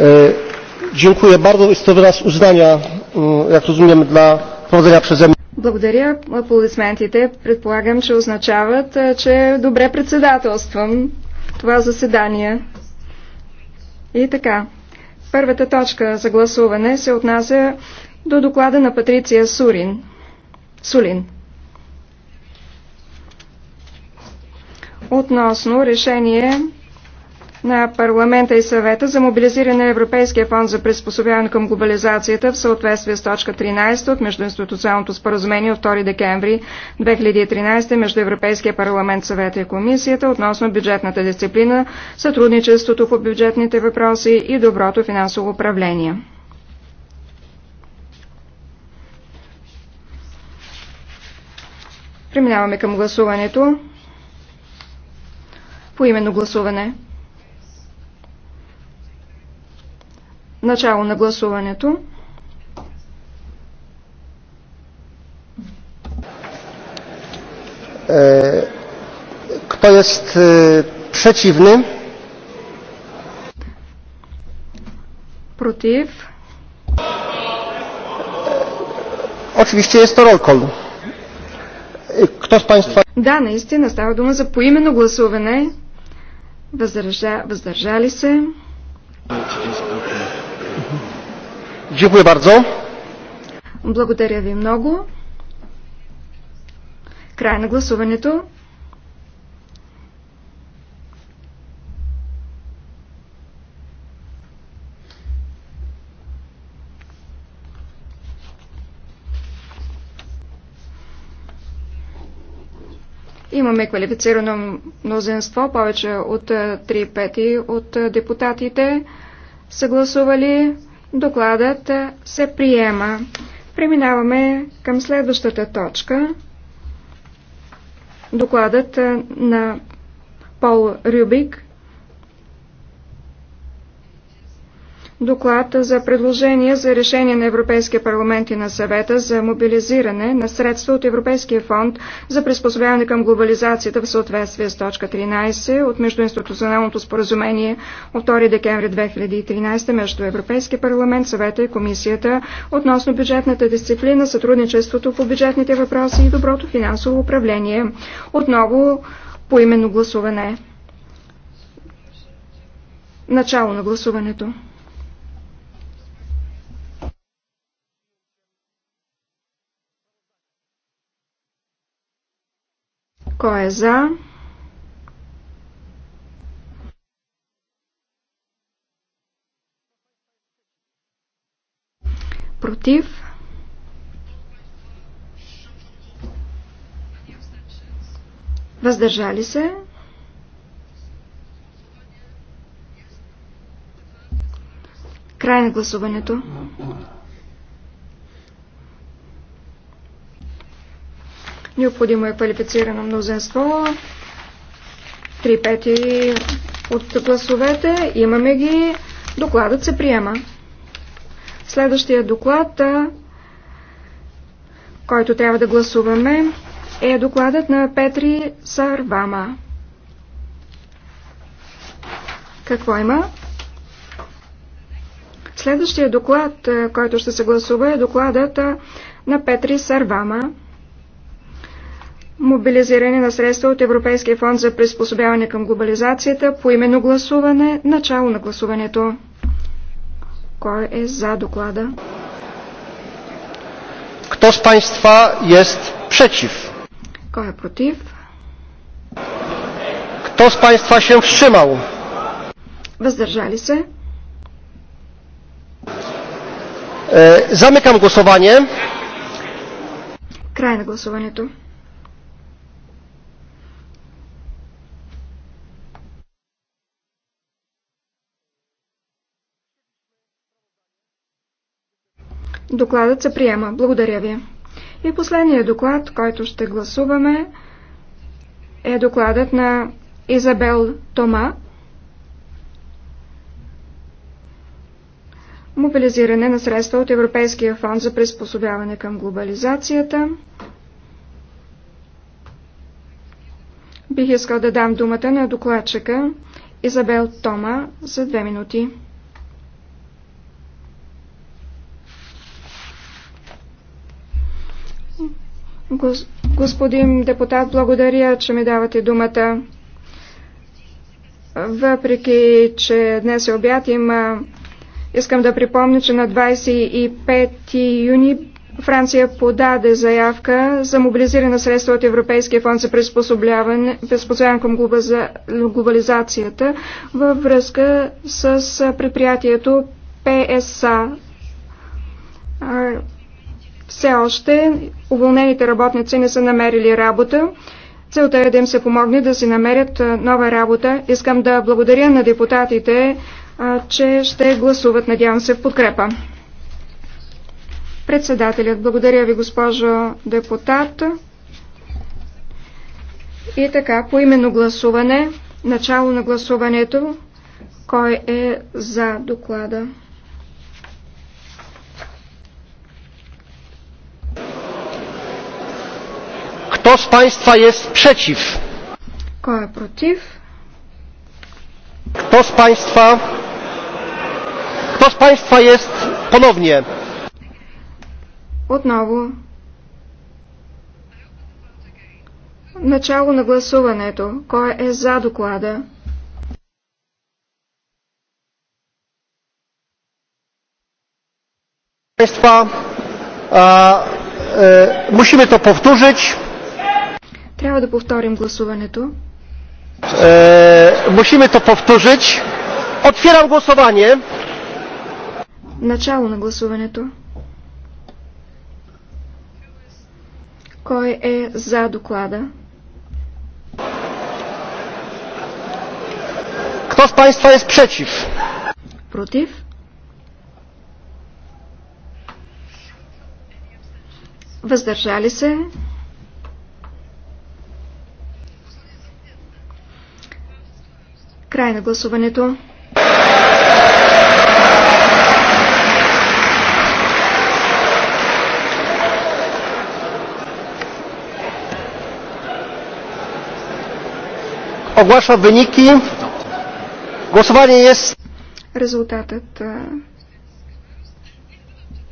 E, dziękuję bardzo. Jest to wyraz uznania, mm, jak rozumiem, dla prowadzenia przeze mnie. Благодаря. Аплодисментите предполагам, че означават, е, че е добре председателствам това заседание. И така. Първата точка за гласуване се отнася до доклада на Патриция Сурин. Сулин. Относно решение на парламента и съвета за мобилизиране на Европейския фонд за приспособяване към глобализацията в съответствие с точка 13 от Междуинституционалното споразумение от 2 декември 2013 между Европейския парламент, съвета и комисията относно бюджетната дисциплина, сътрудничеството по бюджетните въпроси и доброто финансово управление. Преминаваме към гласуването. По именно гласуване. Начало на гласуването. Е, кто е противни? Против. Очевидно е to Кто с е, Kto Да, наистина става дума за поименно гласуване. Въздържа, въздържали се. Dziękuję bardzo. Благодаря ви много. Край на гласуването. Имаме квалифицирано мнозинство, повече от 3 е, пети от е, депутатите са гласували Докладът се приема. Преминаваме към следващата точка. Докладът на Пол Рюбик доклад за предложение за решение на Европейския парламент и на съвета за мобилизиране на средства от Европейския фонд за приспособяване към глобализацията в съответствие с точка 13 от Междуинституционалното споразумение от 2 декември 2013 между Европейския парламент, съвета и комисията относно бюджетната дисциплина, сътрудничеството по бюджетните въпроси и доброто финансово управление. Отново по именно гласуване. Начало на гласуването. Кой е за? Против? Въздържали се? Край на гласуването. Необходимо е квалифицирано мнозинство. Три пети от гласовете. Имаме ги. Докладът се приема. Следващия доклад, който трябва да гласуваме, е докладът на Петри Сарвама. Какво има? Следващия доклад, който ще се гласува, е докладът на Петри Сарвама мобилизиране на средства от Европейския фонд за приспособяване към глобализацията, по именно гласуване, начало на гласуването. Кой е за доклада? Кто с панства е против? Кой е против? Кто с панства се wstrzymał? Въздържали се. Е, замикам гласуване. Край на гласуването. Докладът се приема. Благодаря ви. И последният доклад, който ще гласуваме, е докладът на Изабел Тома. Мобилизиране на средства от Европейския фонд за приспособяване към глобализацията. Бих искал да дам думата на докладчика Изабел Тома за две минути. Гос... Господин депутат, благодаря, че ми давате думата. Въпреки, че днес е обяд, има... искам да припомня, че на 25 юни Франция подаде заявка за мобилизиране средства от Европейския фонд за приспособяване, приспособяване към глобализацията във връзка с предприятието ПСА все още уволнените работници не са намерили работа. Целта е да им се помогне да си намерят нова работа. Искам да благодаря на депутатите, че ще гласуват, надявам се, в подкрепа. Председателят, благодаря ви, госпожо депутат. И така, по именно гласуване, начало на гласуването, кой е за доклада? z Państwa jest przeciw? Kto jest przeciw? Kto z Państwa? Kto z Państwa jest ponownie? Отново. Начало на гласуването. Кой е за доклада? Państwa, musimy to powtórzyć. Трябва да повторим гласуването. E, е, то to Отвирам гласование. Начало на гласуването. Кой е за доклада? Кто с Państwa jest спречив? Против? Въздържали се? Край на гласуването. Оглашва веники. Гласование е... Резултатът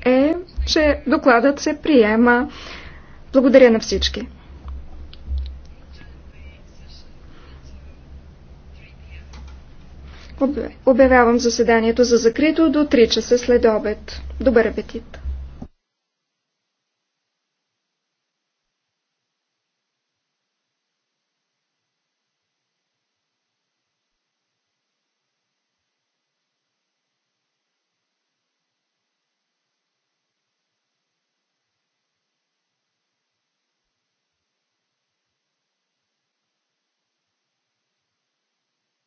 е, че докладът се приема. Благодаря на всички. Обявявам заседанието за закрито до 3 часа след обед. Добър апетит!